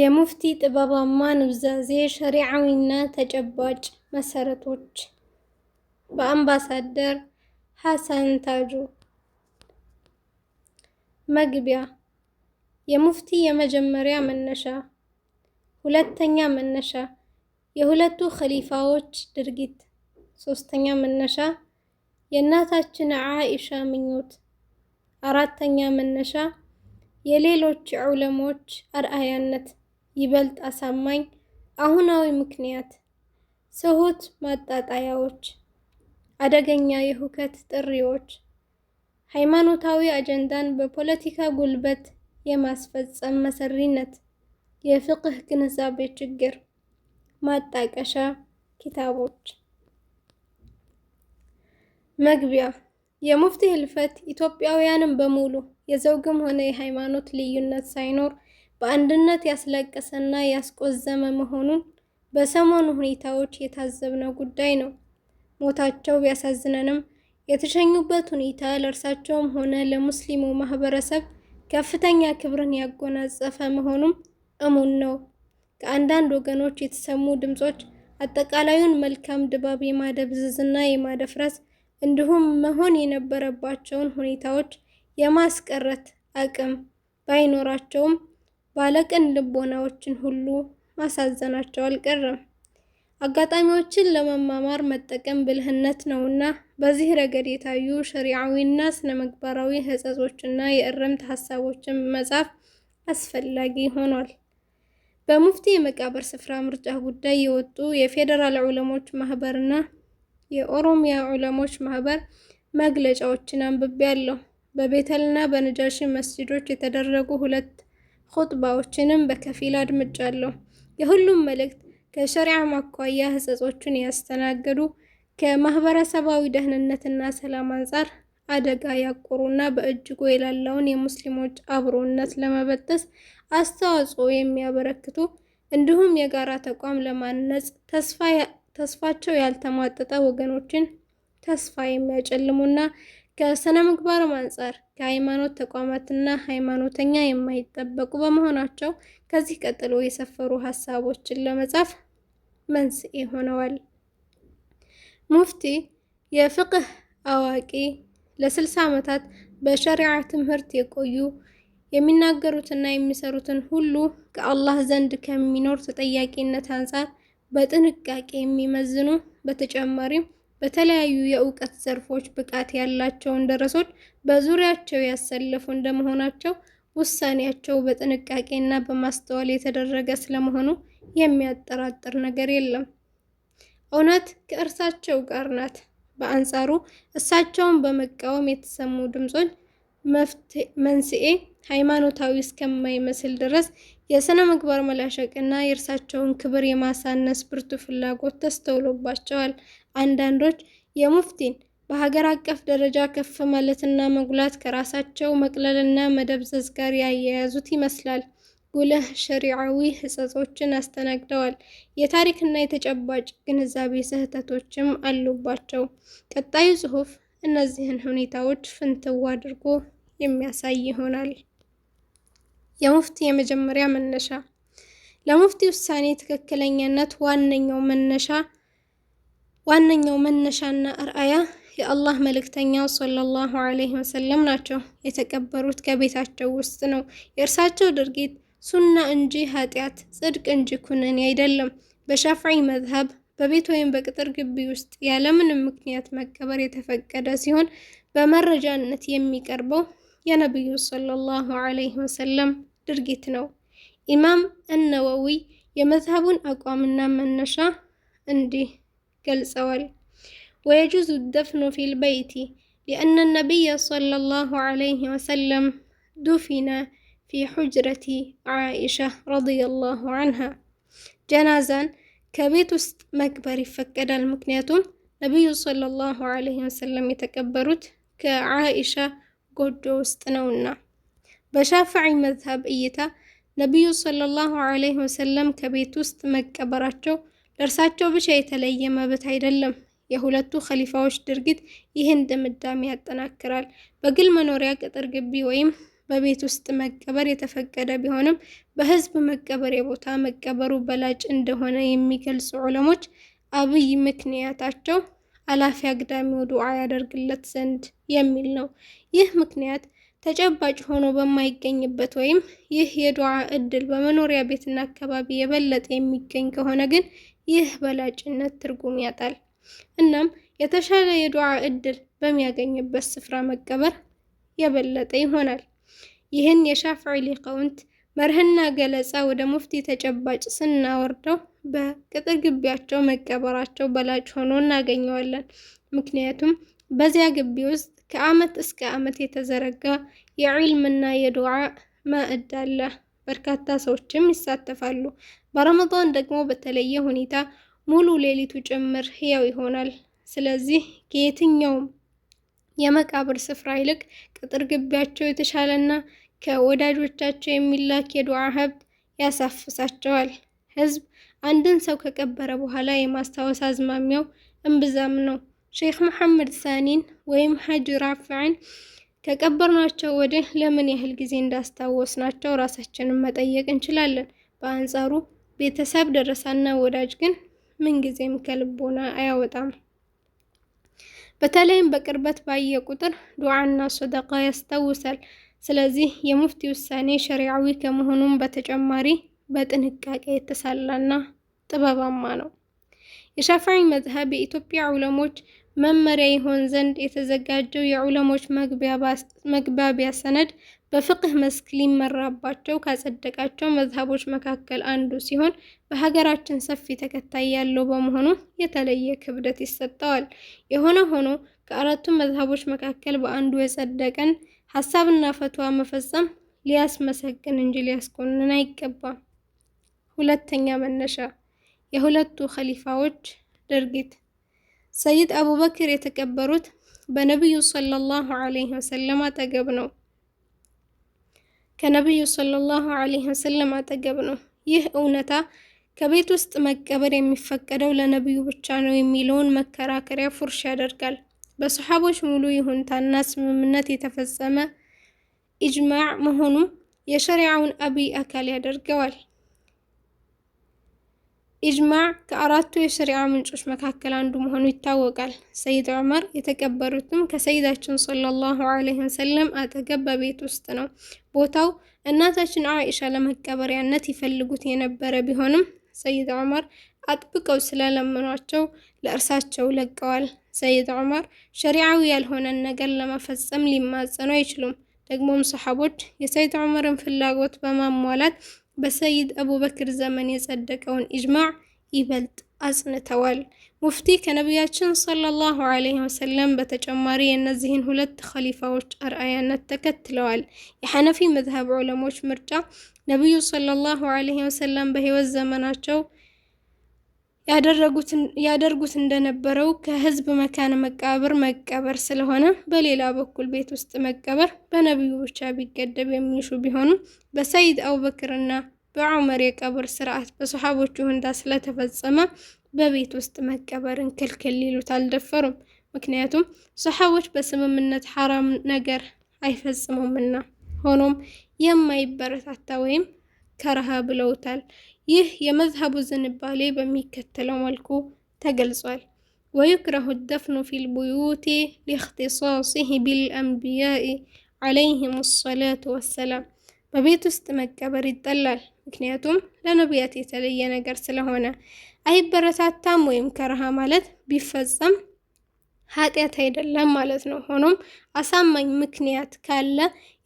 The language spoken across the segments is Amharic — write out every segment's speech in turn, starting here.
የሙፍቲ ጥበባማ ኑዛዜ ሸሪዓዊና ተጨባጭ መሰረቶች በአምባሳደር ሐሰን ታጁ። መግቢያ የሙፍቲ የመጀመሪያ መነሻ፣ ሁለተኛ መነሻ የሁለቱ ኸሊፋዎች ድርጊት፣ ሶስተኛ መነሻ የእናታችን ዓኢሻ ምኞት፣ አራተኛ መነሻ የሌሎች ዑለሞች አርአያነት ይበልጥ አሳማኝ አሁናዊ ምክንያት ስሁት ማጣጣያዎች፣ አደገኛ የሁከት ጥሪዎች፣ ሃይማኖታዊ አጀንዳን በፖለቲካ ጉልበት የማስፈጸም መሰሪነት፣ የፍቅህ ግንዛቤ ችግር፣ ማጣቀሻ ኪታቦች መግቢያ የሙፍቲ ህልፈት ኢትዮጵያውያንን በሙሉ የዘውግም ሆነ የሃይማኖት ልዩነት ሳይኖር በአንድነት ያስለቀሰና ያስቆዘመ መሆኑን በሰሞኑ ሁኔታዎች የታዘብነው ጉዳይ ነው። ሞታቸው ቢያሳዝነንም የተሸኙበት ሁኔታ ለእርሳቸውም ሆነ ለሙስሊሙ ማህበረሰብ ከፍተኛ ክብርን ያጎናጸፈ መሆኑም እሙን ነው። ከአንዳንድ ወገኖች የተሰሙ ድምጾች አጠቃላዩን መልካም ድባብ የማደብዘዝና የማደፍረስ እንዲሁም መሆን የነበረባቸውን ሁኔታዎች የማስቀረት አቅም ባይኖራቸውም ባለቅን ልቦናዎችን ሁሉ ማሳዘናቸው አልቀረም። አጋጣሚዎችን ለመማማር መጠቀም ብልህነት ነውና በዚህ ረገድ የታዩ ሸሪዓዊና ስነ ምግባራዊ ሕጸጾችና የእርምት ሀሳቦችን መጻፍ አስፈላጊ ሆኗል። በሙፍቲ የመቃብር ስፍራ ምርጫ ጉዳይ የወጡ የፌዴራል ዑለሞች ማህበርና የኦሮሚያ ዑለሞች ማህበር መግለጫዎችን አንብቤያለሁ። በቤተልና በነጃሺ መስጂዶች የተደረጉ ሁለት ኹጥባዎችንም በከፊል አድምጫለሁ። የሁሉም መልእክት ከሸሪዓ ማኳያ ህጸጾቹን ያስተናገዱ፣ ከማህበረሰባዊ ደህንነትና ሰላም አንጻር አደጋ ያቆሩና በእጅጉ የላለውን የሙስሊሞች አብሮነት ለመበጠስ አስተዋጽኦ የሚያበረክቱ እንዲሁም የጋራ ተቋም ለማነጽ ተስፋ ተስፋቸው ያልተሟጠጠ ወገኖችን ተስፋ የሚያጨልሙና ከስነ ምግባርም አንጻር ከሃይማኖት ተቋማትና ሃይማኖተኛ የማይጠበቁ በመሆናቸው ከዚህ ቀጥሎ የሰፈሩ ሀሳቦችን ለመጻፍ መንስኤ ሆነዋል። ሙፍቲ የፍቅህ አዋቂ፣ ለስልሳ ዓመታት በሸሪዓ ትምህርት የቆዩ የሚናገሩትና የሚሰሩትን ሁሉ ከአላህ ዘንድ ከሚኖር ተጠያቂነት አንጻር በጥንቃቄ የሚመዝኑ በተጨማሪም በተለያዩ የእውቀት ዘርፎች ብቃት ያላቸውን ደረሶች በዙሪያቸው ያሰለፉ እንደመሆናቸው ውሳኔያቸው በጥንቃቄና በማስተዋል የተደረገ ስለመሆኑ የሚያጠራጥር ነገር የለም። እውነት ከእርሳቸው ጋር ናት። በአንጻሩ እሳቸውን በመቃወም የተሰሙ ድምፆች መንስኤ ሃይማኖታዊ እስከማይመስል ድረስ የሥነ ምግባር መላሸቅና የእርሳቸውን ክብር የማሳነስ ብርቱ ፍላጎት ተስተውሎባቸዋል። አንዳንዶች የሙፍቲን በሀገር አቀፍ ደረጃ ከፍ ማለትና መጉላት ከራሳቸው መቅለልና መደብዘዝ ጋር ያያያዙት ይመስላል። ጉልህ ሸሪዓዊ ሕጸጾችን አስተናግደዋል። የታሪክና የተጨባጭ ግንዛቤ ስህተቶችም አሉባቸው። ቀጣዩ ጽሑፍ እነዚህን ሁኔታዎች ፍንትው አድርጎ የሚያሳይ ይሆናል። የሙፍቲ የመጀመሪያ መነሻ ለሙፍቲ ውሳኔ ትክክለኛነት ዋነኛው መነሻ ዋነኛው መነሻና አርአያ የአላህ መልእክተኛው ሰለላሁ ዐለይሂ ወሰለም ናቸው። የተቀበሩት ከቤታቸው ውስጥ ነው። የእርሳቸው ድርጊት ሱና እንጂ ኃጢአት፣ ጽድቅ እንጂ ኩነኔ አይደለም። በሻፍዒ መዝሀብ በቤት ወይም በቅጥር ግቢ ውስጥ ያለምንም ምክንያት መቀበር የተፈቀደ ሲሆን በመረጃነት የሚቀርበው የነቢዩ ሰለላሁ ዐለይሂ ወሰለም ድርጊት ነው። ኢማም አነወዊ የመዝሀቡን አቋምና መነሻ እንዲህ ገልጸዋል። ወየጁዙ ደፍኑ ፊል በይቲ ሊአነ ነቢይ ሰለላሁ ዐለይሂ ወሰለም ዱፊነ ፊ ሑጅረቲ ዓኢሻ ረዲየላሁ ዐንሃ ጀናዛን ከቤት ውስጥ መቅበር ይፈቀዳል። ምክንያቱም ነቢዩ ሰለላሁ ዐለይሂ ወሰለም የተቀበሩት ከዓኢሻ ጎጆ ውስጥ ነውና። በሻፍዒ መዝሀብ እይታ ነቢዩ ሰለላሁ ዐለይሂ ወሰለም ከቤት ውስጥ መቀበራቸው ለእርሳቸው ብቻ የተለየ መብት አይደለም። የሁለቱ ኸሊፋዎች ድርጊት ይህን ድምዳሜ ያጠናክራል። በግል መኖሪያ ቅጥር ግቢ ወይም በቤት ውስጥ መቀበር የተፈቀደ ቢሆንም በህዝብ መቀበሪያ ቦታ መቀበሩ በላጭ እንደሆነ የሚገልጹ ዑለሞች አብይ ምክንያታቸው አላፊ አግዳሚው ዱዓ ያደርግለት ዘንድ የሚል ነው። ይህ ምክንያት ተጨባጭ ሆኖ በማይገኝበት ወይም ይህ የዱዓ እድል በመኖሪያ ቤትና አካባቢ የበለጠ የሚገኝ ከሆነ ግን ይህ በላጭነት ትርጉም ያጣል። እናም የተሻለ የዱዓ እድል በሚያገኝበት ስፍራ መቀበር የበለጠ ይሆናል። ይህን የሻፍዒ ሊቃውንት መርህና ገለጻ ወደ ሙፍቲ ተጨባጭ ስናወርደው በቅጥር ግቢያቸው መቀበራቸው በላጭ ሆኖ እናገኘዋለን። ምክንያቱም በዚያ ግቢ ውስጥ ከዓመት እስከ ዓመት የተዘረጋ የዒልምና የዱዓ ማዕድ አለ። በርካታ ሰዎችም ይሳተፋሉ። በረመዳን ደግሞ በተለየ ሁኔታ ሙሉ ሌሊቱ ጭምር ህያው ይሆናል። ስለዚህ ከየትኛውም የመቃብር ስፍራ ይልቅ ቅጥር ግቢያቸው የተሻለና ከወዳጆቻቸው የሚላክ የዱዓ ሀብት ያሳፍሳቸዋል። ህዝብ አንድን ሰው ከቀበረ በኋላ የማስታወስ አዝማሚያው እምብዛም ነው። ሼክ መሐመድ ሳኒን ወይም ሀጅ ራፍዕን ከቀበርናቸው ወዲህ ለምን ያህል ጊዜ እንዳስታወስናቸው ራሳችንን መጠየቅ እንችላለን። በአንጻሩ ቤተሰብ፣ ደረሳና ወዳጅ ግን ምንጊዜም ከልቦና አያወጣም። በተለይም በቅርበት ባየ ቁጥር ዱዓና ሶደቃ ያስታውሳል። ስለዚህ የሙፍቲ ውሳኔ ሸሪዓዊ ከመሆኑም በተጨማሪ በጥንቃቄ የተሳላና ጥበባማ ነው። የሻፋዒ መዝሀብ የኢትዮጵያ ዑለሞች መመሪያ ይሆን ዘንድ የተዘጋጀው የዑለሞች መግባቢያ ሰነድ በፍቅህ መስክ ሊመራባቸው ካጸደቃቸው መዝሀቦች መካከል አንዱ ሲሆን በሀገራችን ሰፊ ተከታይ ያለው በመሆኑ የተለየ ክብደት ይሰጠዋል። የሆነ ሆኖ ከአራቱም መዝሀቦች መካከል በአንዱ የጸደቀን ሀሳብና ፈትዋ መፈጸም ሊያስመሰግን እንጂ ሊያስኮንን አይገባም። ሁለተኛ መነሻ የሁለቱ ኸሊፋዎች ድርጊት ሰይድ አቡበክር የተቀበሩት በነቢዩ ሰለላሁ ዐለይሂ ወሰለም አጠገብ ነው። ከነቢዩ ሰለላሁ ዐለይሂ ወሰለም አጠገብ ነው። ይህ እውነታ ከቤት ውስጥ መቀበር የሚፈቀደው ለነቢዩ ብቻ ነው የሚለውን መከራከሪያ ፉርሽ ያደርጋል። በሰሓቦች ሙሉ ይሁንታና ስምምነት የተፈጸመ ኢጅማዕ መሆኑ የሸሪዓውን አብይ አካል ያደርገዋል። ኢጅማዕ ከአራቱ የሸሪዓ ምንጮች መካከል አንዱ መሆኑ ይታወቃል። ሰይድ ዑመር የተቀበሩትም ከሰይዳችን ሰለላሁ ዐለይሂ ወሰለም አጠገብ በቤት ውስጥ ነው። ቦታው እናታችን አኢሻ ለመቀበሪያነት ይፈልጉት የነበረ ቢሆንም ሰይድ ዑመር አጥብቀው ስለለመኗቸው ለእርሳቸው ለቀዋል። ሰይድ ዑመር ሸሪዓዊ ያልሆነን ነገር ለመፈጸም ሊማጸኑ አይችሉም። ደግሞም ሰሓቦች የሰይድ ዑመርን ፍላጎት በማሟላት በሰይድ አቡበክር ዘመን የጸደቀውን ኢጅማዕ ይበልጥ አጽንተዋል። ሙፍቲ ከነቢያችን ሰለላሁ ዐለይሂ ወሰለም በተጨማሪ የእነዚህን ሁለት ኸሊፋዎች አርአያነት ተከትለዋል። የሐነፊ መዝሀብ ዑለሞች ምርጫ ነቢዩ ሰለላሁ ዐለይሂ ወሰለም በሕይወት ዘመናቸው ያደርጉት እንደነበረው ከህዝብ መካነ መቃብር መቀበር ስለሆነ፣ በሌላ በኩል ቤት ውስጥ መቀበር በነቢዩ ብቻ ቢገደብ የሚሹ ቢሆኑም በሰይድ አቡበክርና በዑመር የቀብር ስርዓት በሰሓቦቹ ሁንዳ ስለተፈጸመ በቤት ውስጥ መቀበርን ክልክል ሊሉት አልደፈሩም። ምክንያቱም ሰሓቦች በስምምነት ሐራም ነገር አይፈጽሙምና። ሆኖም የማይበረታታ ወይም ከረሃ ብለውታል ይህ የመዝሀቡ ዝንባሌ በሚከተለው መልኩ ተገልጿል። ወዩክረሁ ደፍኑ ፊል ቡዩቲ ሊእክትሳሲህ ቢልአንቢያኢ ዓለይሂም ሰላቱ ወሰላም። በቤት ውስጥ መቀበር ይጠላል፣ ምክንያቱም ለነቢያት የተለየ ነገር ስለሆነ። አይበረታታም ወይም ከረሃ ማለት ቢፈጸም ኃጢአት አይደለም ማለት ነው። ሆኖም አሳማኝ ምክንያት ካለ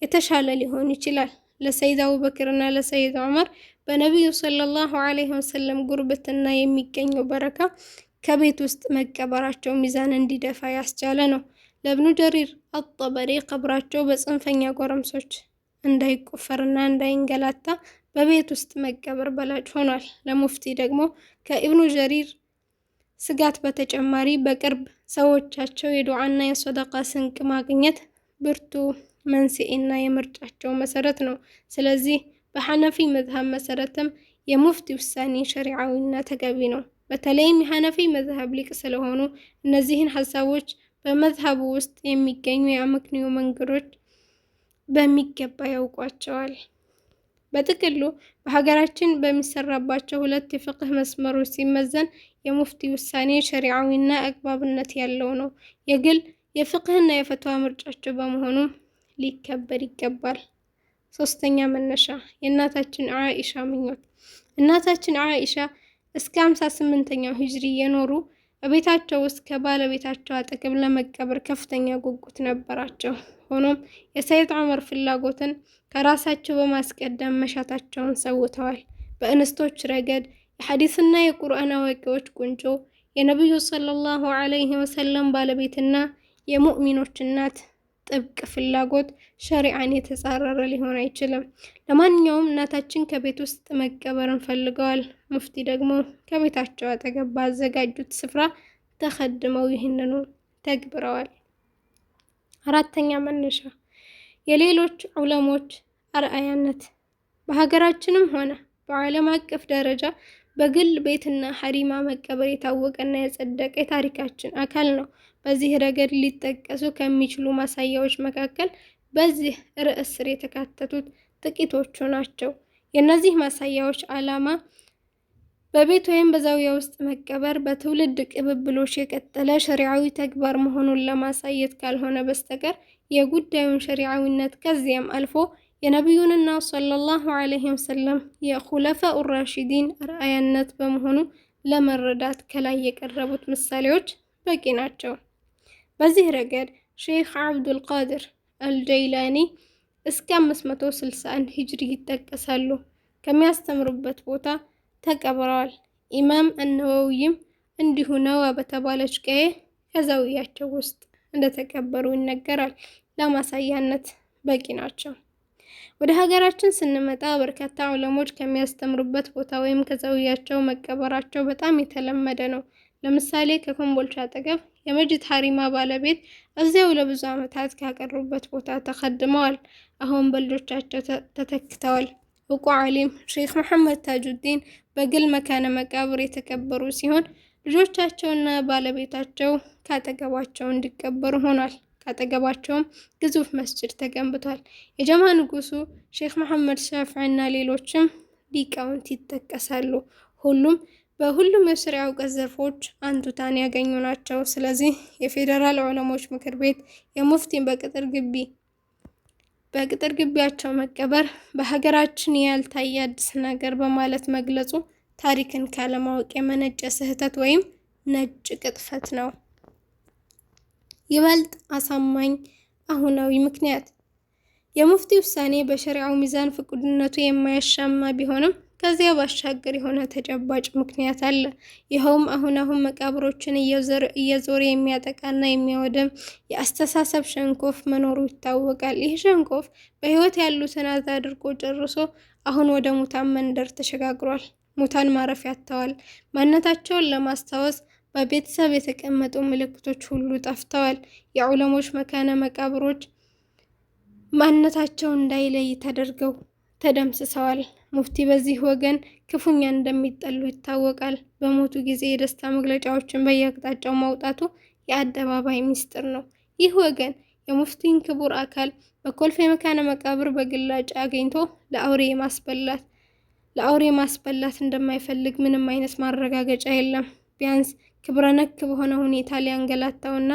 የተሻለ ሊሆን ይችላል። ለሰይድ አቡበክርና ለሰይድ ዑመር በነቢዩ ሰለላሁ ዐለይሂ ወሰለም ጉርብትና የሚገኘው በረካ ከቤት ውስጥ መቀበራቸው ሚዛን እንዲደፋ ያስቻለ ነው። ለእብኑ ጀሪር አጠበሪ ቀብራቸው በጽንፈኛ ጎረምሶች እንዳይቆፈርና እንዳይንገላታ በቤት ውስጥ መቀበር በላጭ ሆኗል። ለሙፍቲ ደግሞ ከኢብኑ ጀሪር ስጋት በተጨማሪ በቅርብ ሰዎቻቸው የዱዓና የሶደቃ ስንቅ ማግኘት ብርቱ መንስኤና የምርጫቸው መሰረት ነው። ስለዚህ በሐነፊ መዝሀብ መሰረትም የሙፍቲ ውሳኔ ሸሪዓዊና ተገቢ ነው። በተለይም የሐነፊ መዝሀብ ሊቅ ስለሆኑ እነዚህን ሀሳቦች በመዝሀቡ ውስጥ የሚገኙ የአመክንዮ መንገዶች በሚገባ ያውቋቸዋል። በጥቅሉ በሀገራችን በሚሰራባቸው ሁለት የፍቅህ መስመሮች ሲመዘን የሙፍቲ ውሳኔ ሸሪዓዊና አግባብነት ያለው ነው። የግል የፍቅህና የፈትዋ ምርጫቸው በመሆኑ ሊከበር ይገባል። ሶስተኛ መነሻ የእናታችን ዓኢሻ ምኞት እናታችን አኢሻ እስከ 58ኛው ሂጅሪ የኖሩ በቤታቸው ውስጥ ከባለቤታቸው አጠገብ ለመቀበር ከፍተኛ ጉጉት ነበራቸው። ሆኖም የሰይድ ዑመር ፍላጎትን ከራሳቸው በማስቀደም መሻታቸውን ሰውተዋል። በእንስቶች ረገድ የሐዲስና የቁርአን አዋቂዎች ቁንጮ፣ የነቢዩ ሰለላሁ ዐለይሂ ወሰለም ባለቤትና የሙእሚኖች እናት ጥብቅ ፍላጎት ሸሪዓን የተጻረረ ሊሆን አይችልም። ለማንኛውም እናታችን ከቤት ውስጥ መቀበርን ፈልገዋል። ሙፍቲ ደግሞ ከቤታቸው አጠገብ ባዘጋጁት ስፍራ ተከድመው ይህንኑ ተግብረዋል። አራተኛ መነሻ የሌሎች ዑለሞች አርአያነት በሀገራችንም ሆነ በዓለም አቀፍ ደረጃ በግል ቤትና ሀሪማ መቀበር የታወቀና የጸደቀ የታሪካችን አካል ነው። በዚህ ረገድ ሊጠቀሱ ከሚችሉ ማሳያዎች መካከል በዚህ ርዕስ ስር የተካተቱት ጥቂቶቹ ናቸው። የእነዚህ ማሳያዎች ዓላማ በቤት ወይም በዛውያ ውስጥ መቀበር በትውልድ ቅብብሎች የቀጠለ ሸሪዓዊ ተግባር መሆኑን ለማሳየት ካልሆነ በስተቀር የጉዳዩን ሸሪዓዊነት ከዚያም አልፎ የነቢዩንና ሰለላሁ ዐለይሂ ወሰለም የኹለፋኡ ራሺዲን ርአያነት በመሆኑ ለመረዳት ከላይ የቀረቡት ምሳሌዎች በቂ ናቸው። በዚህ ረገድ ሼክ አብዱልቃድር አልጀይላኒ እስከ 561 ሂጅሪ ይጠቀሳሉ። ከሚያስተምሩበት ቦታ ተቀብረዋል። ኢማም አነወውይም እንዲሁ ነዋ በተባለች ቀዬ ከዛውያቸው ውስጥ እንደተቀበሩ ይነገራል። ለማሳያነት በቂ ናቸው። ወደ ሀገራችን ስንመጣ በርካታ ዑለሞች ከሚያስተምሩበት ቦታ ወይም ከዛውያቸው መቀበራቸው በጣም የተለመደ ነው። ለምሳሌ ከኮምቦልቻ አጠገብ የመጅት ሀሪማ ባለቤት እዚያው ለብዙ ዓመታት ካቀሩበት ቦታ ተከድመዋል። አሁን በልጆቻቸው ተተክተዋል። እቁ ዓሊም ሼክ መሐመድ ታጁዲን በግል መካነ መቃብር የተቀበሩ ሲሆን ልጆቻቸውና ባለቤታቸው ካጠገባቸው እንዲቀበሩ ሆኗል። ካጠገባቸውም ግዙፍ መስጅድ ተገንብቷል። የጀማ ንጉሱ ሼክ መሐመድ ሻፍዕና ሌሎችም ሊቃውንት ይጠቀሳሉ። ሁሉም በሁሉም የሸሪዓ እውቀት ዘርፎች አንቱታን ያገኙ ናቸው። ስለዚህ የፌዴራል ዑለሞች ምክር ቤት የሙፍቲን በቅጥር ግቢ በቅጥር ግቢያቸው መቀበር በሀገራችን ያልታየ አዲስ ነገር በማለት መግለጹ ታሪክን ካለማወቅ የመነጨ ስህተት ወይም ነጭ ቅጥፈት ነው። ይበልጥ አሳማኝ አሁናዊ ምክንያት የሙፍቲ ውሳኔ በሸሪዓው ሚዛን ፍቅድነቱ የማያሻማ ቢሆንም ከዚያ ባሻገር የሆነ ተጨባጭ ምክንያት አለ። ይኸውም አሁን አሁን መቃብሮችን እየዞረ የሚያጠቃና የሚያወደም የአስተሳሰብ ሸንኮፍ መኖሩ ይታወቃል። ይህ ሸንኮፍ በሕይወት ያሉትን አዛ አድርጎ ጨርሶ አሁን ወደ ሙታን መንደር ተሸጋግሯል። ሙታን ማረፊያ አጥተዋል። ማንነታቸውን ለማስታወስ በቤተሰብ የተቀመጡ ምልክቶች ሁሉ ጠፍተዋል። የዑለሞች መካነ መቃብሮች ማንነታቸው እንዳይለይ ተደርገው ተደምስሰዋል። ሙፍቲ በዚህ ወገን ክፉኛ እንደሚጠሉ ይታወቃል። በሞቱ ጊዜ የደስታ መግለጫዎችን በየአቅጣጫው ማውጣቱ የአደባባይ ምስጢር ነው። ይህ ወገን የሙፍቲን ክቡር አካል በኮልፌ መካነ መቃብር በግላጭ አግኝቶ ለአውሬ ማስበላት ለአውሬ ማስበላት እንደማይፈልግ ምንም አይነት ማረጋገጫ የለም። ቢያንስ ክብረ ነክ በሆነ ሁኔታ ሊያንገላታውና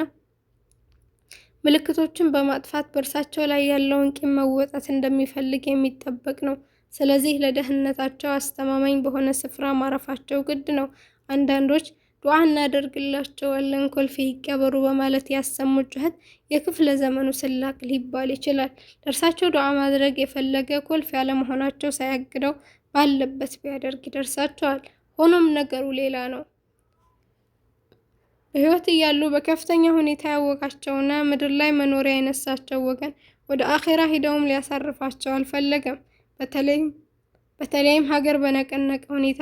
ምልክቶችን በማጥፋት በእርሳቸው ላይ ያለውን ቂም መወጣት እንደሚፈልግ የሚጠበቅ ነው። ስለዚህ ለደህንነታቸው አስተማማኝ በሆነ ስፍራ ማረፋቸው ግድ ነው። አንዳንዶች ዱዓ እናደርግላቸዋለን ኮልፌ ይቀበሩ በማለት ያሰሙ ጩኸት የክፍለ ዘመኑ ስላቅ ሊባል ይችላል። ደርሳቸው ዱዓ ማድረግ የፈለገ ኮልፌ ያለመሆናቸው ሳያግደው ባለበት ቢያደርግ ይደርሳቸዋል። ሆኖም ነገሩ ሌላ ነው። በህይወት እያሉ በከፍተኛ ሁኔታ ያወቃቸውና ምድር ላይ መኖሪያ የነሳቸው ወገን ወደ አኼራ ሂደውም ሊያሳርፋቸው አልፈለገም። በተለይም በተለይም ሀገር በነቀነቀ ሁኔታ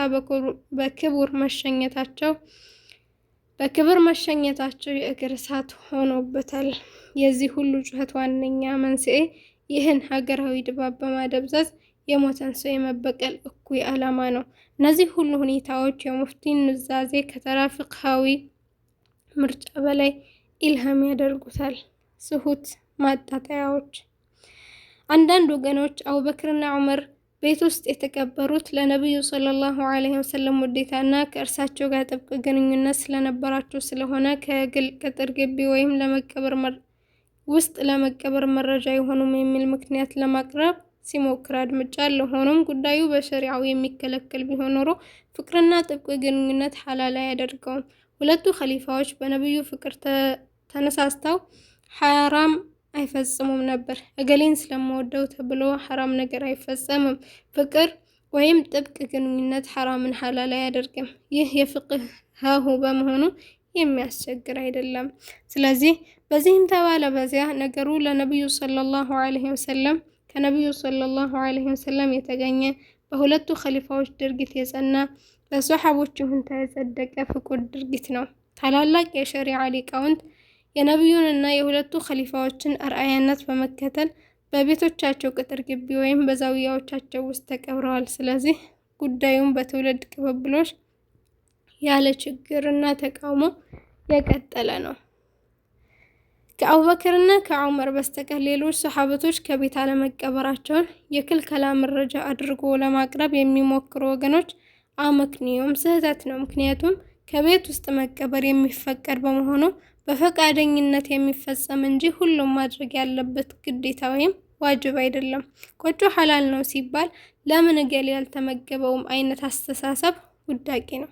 በክቡር መሸኘታቸው በክብር መሸኘታቸው የእግር እሳት ሆኖበታል። የዚህ ሁሉ ጩኸት ዋነኛ መንስኤ ይህን ሀገራዊ ድባብ በማደብዘዝ የሞተን ሰው የመበቀል እኩይ ዓላማ ነው። እነዚህ ሁሉ ሁኔታዎች የሙፍቲን ኑዛዜ ከተራ ፍቅሃዊ ምርጫ በላይ ኢልሃም ያደርጉታል። ስሁት ማጣጠያዎች። አንዳንድ ወገኖች አቡበክርና ዑመር ቤት ውስጥ የተቀበሩት ለነቢዩ ሰለላሁ ዐለይሂ ወሰለም ውዴታና ከእርሳቸው ጋር ጥብቅ ግንኙነት ስለነበራቸው ስለሆነ ከግል ቅጥር ግቢ ወይም ለመቀበር ውስጥ ለመቀበር መረጃ አይሆኑም የሚል ምክንያት ለማቅረብ ሲሞክር አድምጫለሁ። ሆኖም ጉዳዩ በሸሪዓው የሚከለከል ቢሆን ኖሮ ፍቅርና ጥብቅ ግንኙነት ሐላል አያደርገውም። ሁለቱ ኸሊፋዎች በነቢዩ ፍቅር ተነሳስተው ሐራም አይፈጽሙም ነበር። እገሌን ስለምወደው ተብሎ ሐራም ነገር አይፈጸምም። ፍቅር ወይም ጥብቅ ግንኙነት ሐራምን ሐላል አያደርግም። ይህ የፍቅህ ሀሁ በመሆኑ የሚያስቸግር አይደለም። ስለዚህ በዚህም ተባለ በዚያ ነገሩ ለነቢዩ ሰለላሁ ዐለይሂ ወሰለም ከነቢዩ ሰለላሁ ዐለይሂ ወሰለም የተገኘ በሁለቱ ኸሊፋዎች ድርጊት የጸና በሰሓቦች ሁንታ የጸደቀ ፍቁር ድርጊት ነው። ታላላቅ የሸሪዓ ሊቃውንት የነቢዩንና የሁለቱ ኸሊፋዎችን አርአያነት በመከተል በቤቶቻቸው ቅጥር ግቢ ወይም በዛውያዎቻቸው ውስጥ ተቀብረዋል። ስለዚህ ጉዳዩም በትውልድ ቅብብሎች ያለ ችግርና ተቃውሞ የቀጠለ ነው። ከአቡበክርና ከዑመር በስተቀር ሌሎች ሰሓበቶች ከቤት አለመቀበራቸውን የክልከላ መረጃ አድርጎ ለማቅረብ የሚሞክሩ ወገኖች አመክንዮም ስህተት ነው። ምክንያቱም ከቤት ውስጥ መቀበር የሚፈቀድ በመሆኑ በፈቃደኝነት የሚፈጸም እንጂ ሁሉም ማድረግ ያለበት ግዴታ ወይም ዋጅብ አይደለም። ቆጮ ሐላል ነው ሲባል ለምን እገሌ ያልተመገበውም አይነት አስተሳሰብ ውዳቂ ነው።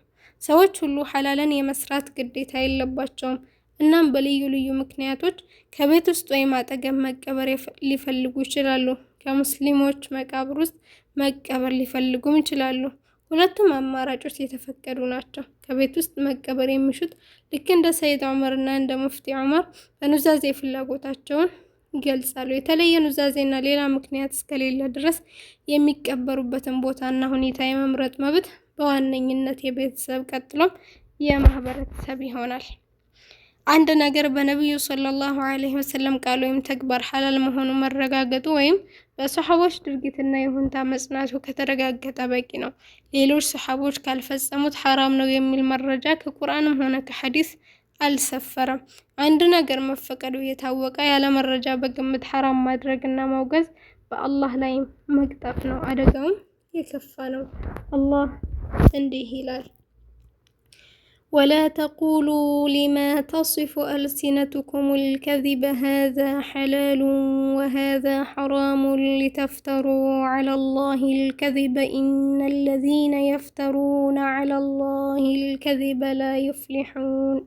ሰዎች ሁሉ ሐላልን የመስራት ግዴታ የለባቸውም። እናም በልዩ ልዩ ምክንያቶች ከቤት ውስጥ ወይም አጠገብ መቀበር ሊፈልጉ ይችላሉ። ከሙስሊሞች መቃብር ውስጥ መቀበር ሊፈልጉም ይችላሉ። ሁለቱም አማራጮች የተፈቀዱ ናቸው። ከቤት ውስጥ መቀበር የሚሹት ልክ እንደ ሰይድ ዑመርና እንደ ሙፍቲ ዑመር በኑዛዜ ፍላጎታቸውን ይገልጻሉ። የተለየ ኑዛዜና ሌላ ምክንያት እስከሌለ ድረስ የሚቀበሩበትን ቦታና ሁኔታ የመምረጥ መብት በዋነኝነት የቤተሰብ ቀጥሎም የማህበረሰብ ይሆናል። አንድ ነገር በነቢዩ ሰለላሁ ዐለይሂ ወሰለም ቃል ወይም ተግባር ሐላል መሆኑ መረጋገጡ ወይም በሰሓቦች ድርጊትና ይሁንታ መጽናቱ ከተረጋገጠ በቂ ነው። ሌሎች ሰሓቦች ካልፈጸሙት ሐራም ነው የሚል መረጃ ከቁርአንም ሆነ ከሐዲስ አልሰፈረም። አንድ ነገር መፈቀዱ የታወቀ ያለ መረጃ በግምት ሐራም ማድረግና ማውገዝ በአላህ ላይ መቅጠፍ ነው። አደጋውም የከፋ ነው። አላህ እንዲህ ይላል ولا تقولوا لما تصف ألسنتكم الكذب هذا حلال وهذا حرام لتفتروا على الله الكذب إن الذين يفترون على الله الكذب لا يفلحون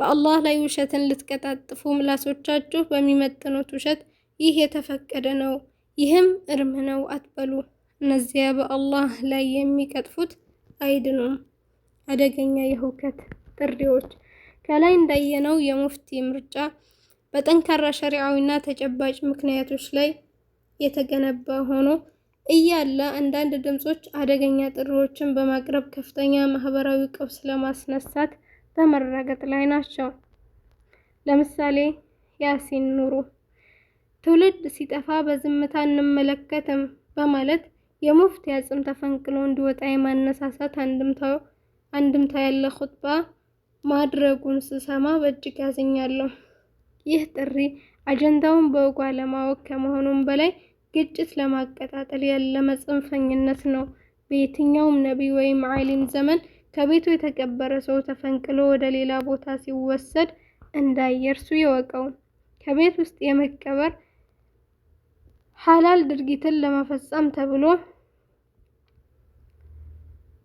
በአላህ ላይ ውሸትን ልትቀጣጥፉ ምላሶቻችሁ በሚመጥኑት ውሸት ይህ የተፈቀደ ነው፣ ይህም እርም ነው አትበሉ። እነዚያ በአላህ ላይ የሚቀጥፉት አይድኑም። አደገኛ የሁከት ጥሪዎች። ከላይ እንዳየነው የሙፍቲ ምርጫ በጠንካራ ሸሪዓዊና ተጨባጭ ምክንያቶች ላይ የተገነባ ሆኖ እያለ አንዳንድ ድምጾች አደገኛ ጥሪዎችን በማቅረብ ከፍተኛ ማህበራዊ ቀውስ ለማስነሳት በመረገጥ ላይ ናቸው። ለምሳሌ ያሲን ኑሩ ትውልድ ሲጠፋ በዝምታ እንመለከትም በማለት የሙፍቲ አጽም ተፈንቅሎ እንዲወጣ የማነሳሳት አንድምታው አንድምታ ያለ ኹጥባ ማድረጉን ስሰማ በእጅግ ያዝኛለሁ። ይህ ጥሪ አጀንዳውን በውጓ ለማወቅ ከመሆኑም በላይ ግጭት ለማቀጣጠል ያለመ ጽንፈኝነት ነው። በየትኛውም ነቢይ ወይም ዓሊም ዘመን ከቤቱ የተቀበረ ሰው ተፈንቅሎ ወደ ሌላ ቦታ ሲወሰድ እንዳየርሱ ይወቀው። ከቤት ውስጥ የመቀበር ሐላል ድርጊትን ለመፈጸም ተብሎ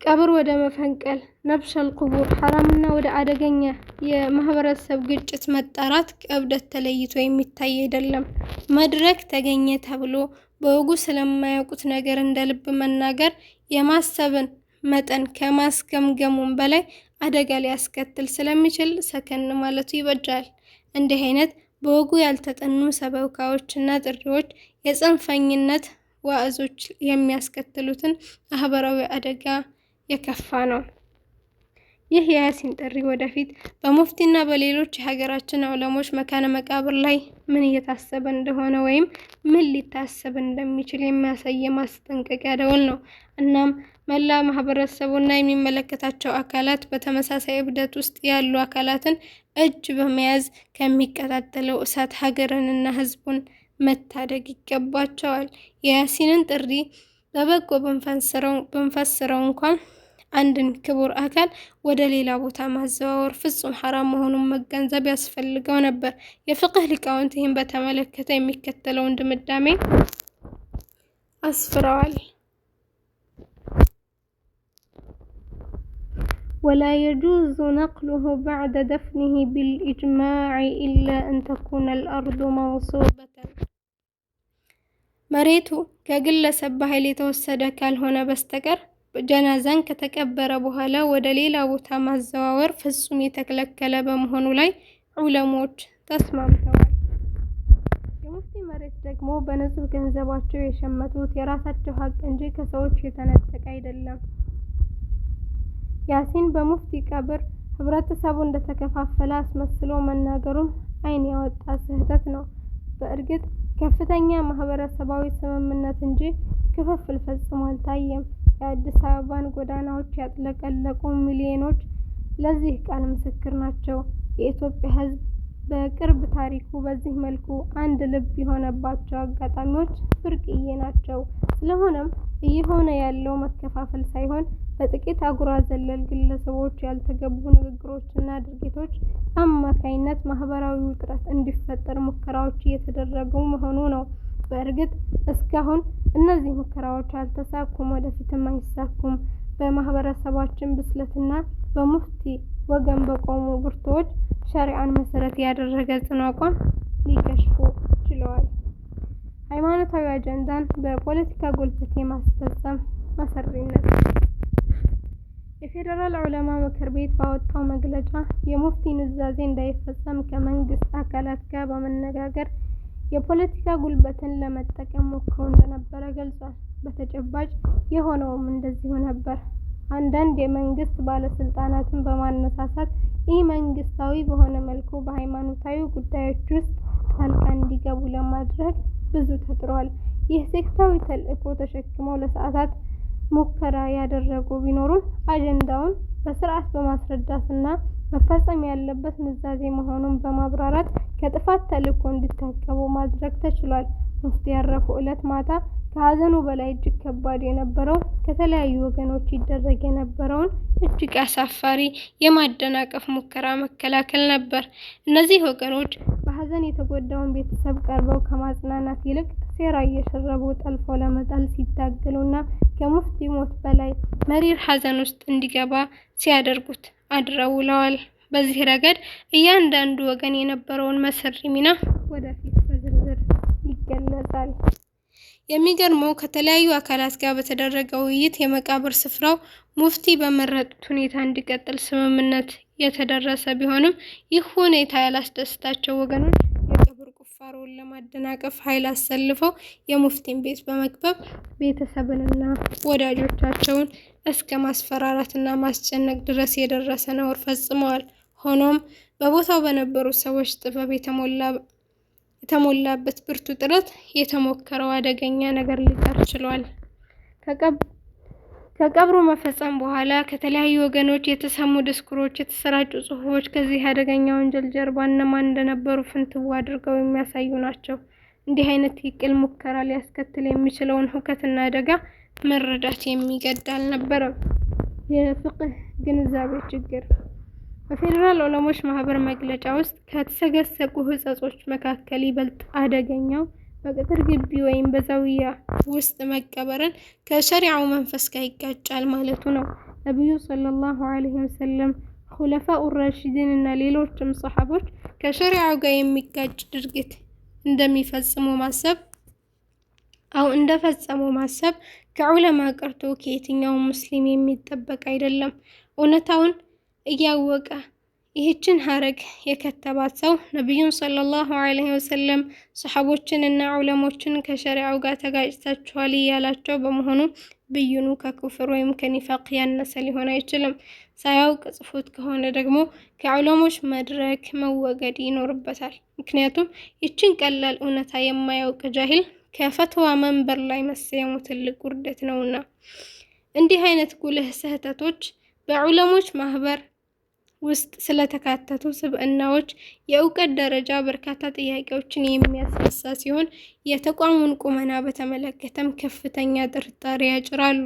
ቀብር ወደ መፈንቀል ነፍሰል ቁቡር ሐራምና ወደ አደገኛ የማህበረሰብ ግጭት መጣራት ከእብደት ተለይቶ የሚታይ አይደለም። መድረክ ተገኘ ተብሎ በወጉ ስለማያውቁት ነገር እንደ ልብ መናገር የማሰብን መጠን ከማስገምገሙም በላይ አደጋ ሊያስከትል ስለሚችል ሰከን ማለቱ ይበጃል። እንዲህ አይነት በወጉ ያልተጠኑ ሰበካዎችና ጥሪዎች የጽንፈኝነት ዋዕዞች የሚያስከትሉትን ማህበራዊ አደጋ የከፋ ነው። ይህ የያሲን ጥሪ ወደፊት በሙፍቲና በሌሎች የሀገራችን ዑለሞች መካነ መቃብር ላይ ምን እየታሰበ እንደሆነ ወይም ምን ሊታሰብ እንደሚችል የሚያሳይ የማስጠንቀቂያ ደውል ነው። እናም መላ ማህበረሰቡና የሚመለከታቸው አካላት በተመሳሳይ እብደት ውስጥ ያሉ አካላትን እጅ በመያዝ ከሚቀጣጠለው እሳት ሀገርንና ሕዝቡን መታደግ ይገባቸዋል። የያሲንን ጥሪ በበጎ ብንፈስረው እንኳን አንድን ክቡር አካል ወደ ሌላ ቦታ ማዘዋወር ፍጹም ሐራም መሆኑን መገንዘብ ያስፈልገው ነበር። የፍቅህ ሊቃውንት ይህን በተመለከተ የሚከተለውን ድምዳሜ አስፍረዋል። ولا يجوز نقله بعد دفنه بالإجماع إلا أن تكون الأرض موصوبة መሬቱ ከግለሰብ ባህል የተወሰደ ካልሆነ በስተቀር ጀናዛን ከተቀበረ በኋላ ወደ ሌላ ቦታ ማዘዋወር ፍጹም የተከለከለ በመሆኑ ላይ ዑለሞች ተስማምተዋል። የሙፍቲ መሬት ደግሞ በንጹህ ገንዘባቸው የሸመቱት የራሳቸው ሀቅ እንጂ ከሰዎች የተነጠቀ አይደለም። ያሲን በሙፍቲ ቀብር ህብረተሰቡ እንደተከፋፈለ አስመስሎ መናገሩም አይን ያወጣ ስህተት ነው። በእርግጥ ከፍተኛ ማህበረሰባዊ ስምምነት እንጂ ክፍፍል ፈጽሞ አልታየም። የአዲስ አበባን ጎዳናዎች ያጥለቀለቁ ሚሊዮኖች ለዚህ ቃል ምስክር ናቸው። የኢትዮጵያ ሕዝብ በቅርብ ታሪኩ በዚህ መልኩ አንድ ልብ የሆነባቸው አጋጣሚዎች ብርቅዬ ናቸው። ስለሆነም እየሆነ ያለው መከፋፈል ሳይሆን በጥቂት አጉራ ዘለል ግለሰቦች ያልተገቡ ንግግሮችና ድርጊቶች አማካይነት ማህበራዊ ውጥረት እንዲፈጠር ሙከራዎች እየተደረጉ መሆኑ ነው። በእርግጥ እስካሁን እነዚህ ሙከራዎች አልተሳኩም፣ ወደፊትም አይሳኩም። በማህበረሰባችን ብስለትና በሙፍቲ ወገን በቆሙ ብርቶዎች ሸሪዓን መሰረት ያደረገ ጽኑ አቋም ሊከሽፉ ችለዋል። ሃይማኖታዊ አጀንዳን በፖለቲካ ጉልበት የማስፈጸም መሰሪነት የፌዴራል ዑለማ ምክር ቤት ባወጣው መግለጫ የሙፍቲ ኑዛዜ እንዳይፈጸም ከመንግስት አካላት ጋር በመነጋገር የፖለቲካ ጉልበትን ለመጠቀም ሞክሮ እንደነበረ ገልጿል። በተጨባጭ የሆነውም እንደዚሁ ነበር። አንዳንድ የመንግስት ባለስልጣናትን በማነሳሳት ይህ መንግስታዊ በሆነ መልኩ በሃይማኖታዊ ጉዳዮች ውስጥ ጣልቃ እንዲገቡ ለማድረግ ብዙ ተጥሯል። ይህ ሴክታዊ ተልእኮ ተሸክመው ለሰዓታት ሙከራ ያደረጉ ቢኖሩም አጀንዳውን በስርዓት እና .። መፈጸም ያለበት ኑዛዜ መሆኑን በማብራራት ከጥፋት ተልዕኮ እንዲታቀቡ ማድረግ ተችሏል። ሙፍቲ ያረፉ ዕለት ማታ ከሀዘኑ በላይ እጅግ ከባድ የነበረው ከተለያዩ ወገኖች ይደረግ የነበረውን እጅግ አሳፋሪ የማደናቀፍ ሙከራ መከላከል ነበር። እነዚህ ወገኖች በሀዘን የተጎዳውን ቤተሰብ ቀርበው ከማጽናናት ይልቅ ሴራ እየሸረቡ ጠልፎ ለመጣል ሲታገሉና ከሙፍቲ ሞት በላይ መሪር ሐዘን ውስጥ እንዲገባ ሲያደርጉት አድረውለዋል። በዚህ ረገድ እያንዳንዱ ወገን የነበረውን መሰሪ ሚና ወደፊት በዝርዝር ይገለጻል። የሚገርመው ከተለያዩ አካላት ጋር በተደረገ ውይይት የመቃብር ስፍራው ሙፍቲ በመረጡት ሁኔታ እንዲቀጥል ስምምነት የተደረሰ ቢሆንም ይህ ሁኔታ ያላስደስታቸው ወገኖች ቁፋሮውን ለማደናቀፍ ኃይል አሰልፈው የሙፍቲን ቤት በመክበብ ቤተሰብንና ወዳጆቻቸውን እስከ ማስፈራራትና ማስጨነቅ ድረስ የደረሰ ነውር ፈጽመዋል። ሆኖም በቦታው በነበሩ ሰዎች ጥበብ የተሞላበት ብርቱ ጥረት የተሞከረው አደገኛ ነገር ሊቀር ችሏል። ከቀብሩ መፈጸም በኋላ ከተለያዩ ወገኖች የተሰሙ ድስኩሮች፣ የተሰራጩ ጽሁፎች ከዚህ አደገኛ ወንጀል ጀርባ እነማን እንደነበሩ ፍንትው አድርገው የሚያሳዩ ናቸው። እንዲህ አይነት የቅል ሙከራ ሊያስከትል የሚችለውን ሁከትና አደጋ መረዳት የሚገድ አልነበረም። የፍቅህ ግንዛቤ ችግር በፌዴራል ዑለሞች ማህበር መግለጫ ውስጥ ከተሰገሰቁ ህጸጾች መካከል ይበልጥ አደገኛው በቅጥር ግቢ ወይም በዛውያ ውስጥ መቀበርን ከሸሪዓው መንፈስ ጋር ይጋጫል ማለቱ ነው። ነቢዩ ሰለላሁ ዐለይሂ ወሰለም ሁለፋኡ ራሺዲን እና ሌሎችም ሰሓቦች ከሸሪዓው ጋር የሚጋጭ ድርጊት እንደሚፈጽሙ ማሰብ አው እንደፈጸሙ ማሰብ ከዑለማ ቀርቶ ከየትኛው ሙስሊም የሚጠበቅ አይደለም። እውነታውን እያወቀ ይህችን ሀረግ የከተባት ሰው ነቢዩን ሰለላሁ ዐለይሂ ወሰለም ሰሐቦችንና ዑለሞችን ከሸሪዓው ጋር ተጋጭታችኋል እያላቸው በመሆኑ ብይኑ ከኩፍር ወይም ከኒፋቅ ያነሰ ሊሆን አይችልም። ሳያውቅ ጽፎት ከሆነ ደግሞ ከዑለሞች መድረክ መወገድ ይኖርበታል። ምክንያቱም ይችን ቀላል እውነታ የማያውቅ ጃሂል ከፈትዋ መንበር ላይ መሰየሙ ትልቅ ውርደት ነውና። እንዲህ አይነት ጉልህ ስህተቶች በዑለሞች ማህበር ውስጥ ስለተካተቱ ስብዕናዎች የእውቀት ደረጃ በርካታ ጥያቄዎችን የሚያስነሳ ሲሆን የተቋሙን ቁመና በተመለከተም ከፍተኛ ጥርጣሬ ያጭራሉ።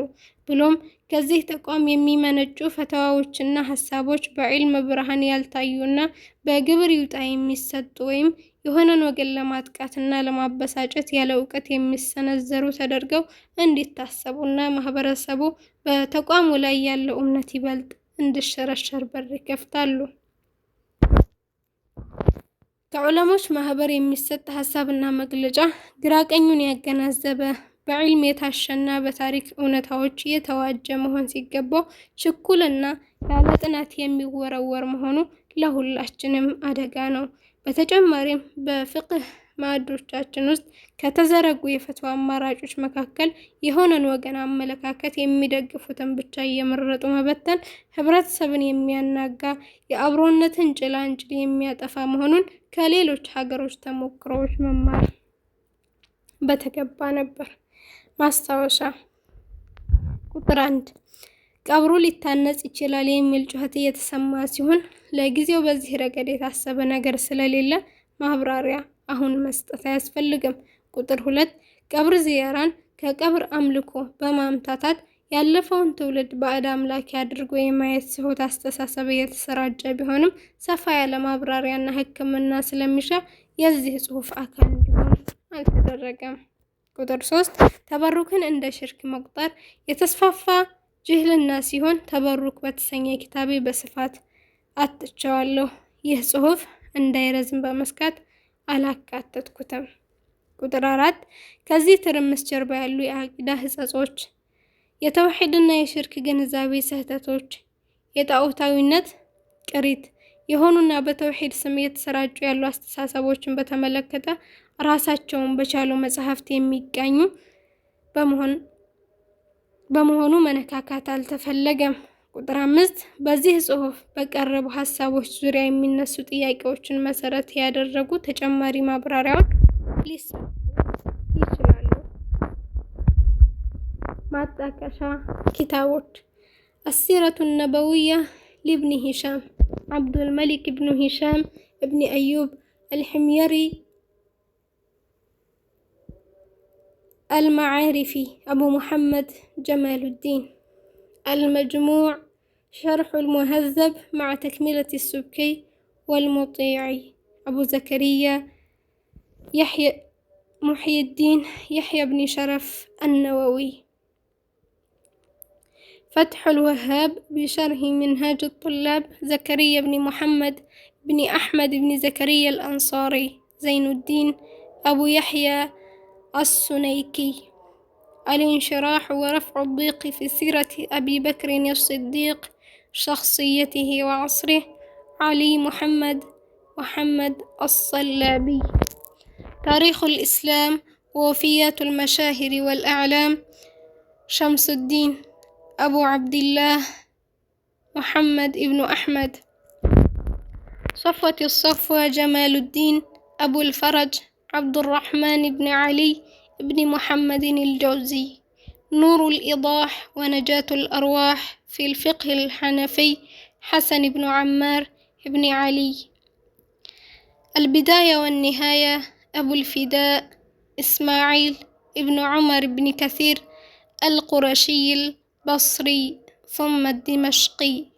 ብሎም ከዚህ ተቋም የሚመነጩ ፈተዋዎችና ሀሳቦች በዒልም ብርሃን ያልታዩና በግብር ይውጣ የሚሰጡ ወይም የሆነን ወገን ለማጥቃትና ለማበሳጨት ያለ እውቀት የሚሰነዘሩ ተደርገው እንዲታሰቡና ማህበረሰቡ በተቋሙ ላይ ያለው እምነት ይበልጥ እንዲሸረሸር በር ይከፍታሉ። ከዑለሞች ማህበር የሚሰጥ ሀሳብና መግለጫ ግራቀኙን ያገናዘበ በዕልም የታሸና በታሪክ እውነታዎች የተዋጀ መሆን ሲገባው ችኩልና ያለ ጥናት የሚወረወር መሆኑ ለሁላችንም አደጋ ነው። በተጨማሪም በፍቅህ ማዕዶቻችን ውስጥ ከተዘረጉ የፈትዋ አማራጮች መካከል የሆነን ወገን አመለካከት የሚደግፉትን ብቻ እየመረጡ መበተን ህብረተሰብን የሚያናጋ የአብሮነትን ጭላንጭል የሚያጠፋ መሆኑን ከሌሎች ሀገሮች ተሞክሮዎች መማር በተገባ ነበር። ማስታወሻ ቁጥር አንድ ቀብሩ ሊታነጽ ይችላል የሚል ጩኸት እየተሰማ ሲሆን ለጊዜው በዚህ ረገድ የታሰበ ነገር ስለሌለ ማብራሪያ አሁን መስጠት አያስፈልግም። ቁጥር ሁለት ቀብር ዝያራን ከቀብር አምልኮ በማምታታት ያለፈውን ትውልድ ባዕድ አምላኪ አድርጎ የማየት ስሁት አስተሳሰብ እየተሰራጨ ቢሆንም ሰፋ ያለ ማብራሪያና ሕክምና ስለሚሻ የዚህ ጽሑፍ አካል እንዲሆን አልተደረገም። ቁጥር ሶስት ተበሩክን እንደ ሽርክ መቁጠር የተስፋፋ ጅህልና ሲሆን ተበሩክ በተሰኘ ኪታቤ በስፋት አጥቸዋለሁ። ይህ ጽሁፍ እንዳይረዝም በመስጋት አላካተትኩትም። ቁጥር አራት ከዚህ ትርምስ ጀርባ ያሉ የአቂዳ ህጸጾች፣ የተውሒድና የሽርክ ግንዛቤ ስህተቶች፣ የጣዖታዊነት ቅሪት የሆኑና በተውሒድ ስም እየተሰራጩ ያሉ አስተሳሰቦችን በተመለከተ ራሳቸውን በቻሉ መጽሐፍት የሚቀኙ በመሆኑ መነካካት አልተፈለገም። ቁጥር አምስት በዚህ ጽሑፍ በቀረቡ ሀሳቦች ዙሪያ የሚነሱ ጥያቄዎችን መሰረት ያደረጉ ተጨማሪ ማብራሪያዎች ሊሰጡ ይችላሉ። ማጣቀሻ ኪታቦች አሲረቱ ነበውያ ሊብኒ ሂሻም አብዱል መሊክ እብኑ ሂሻም እብኒ አዩብ አልሕምየሪ አልማዕሪፊ አቡ ሙሐመድ ጀማሉዲን المجموع شرح المهذب مع تكملة السبكي والمطيعي أبو زكريا يحيى محي الدين يحيى بن شرف النووي فتح الوهاب بشرح منهاج الطلاب زكريا بن محمد بن أحمد بن زكريا الأنصاري زين الدين أبو يحيى السنيكي الانشراح ورفع الضيق في سيرة أبي بكر الصديق شخصيته وعصره علي محمد محمد الصلابي تاريخ الإسلام ووفيات المشاهر والأعلام شمس الدين أبو عبد الله محمد ابن أحمد صفوة الصفوة جمال الدين أبو الفرج عبد الرحمن بن علي بن محمد الجوزي نور الإضاح ونجاة الأرواح في الفقه الحنفي حسن بن عمار بن علي البداية والنهاية أبو الفداء إسماعيل بن عمر بن كثير القرشي البصري ثم الدمشقي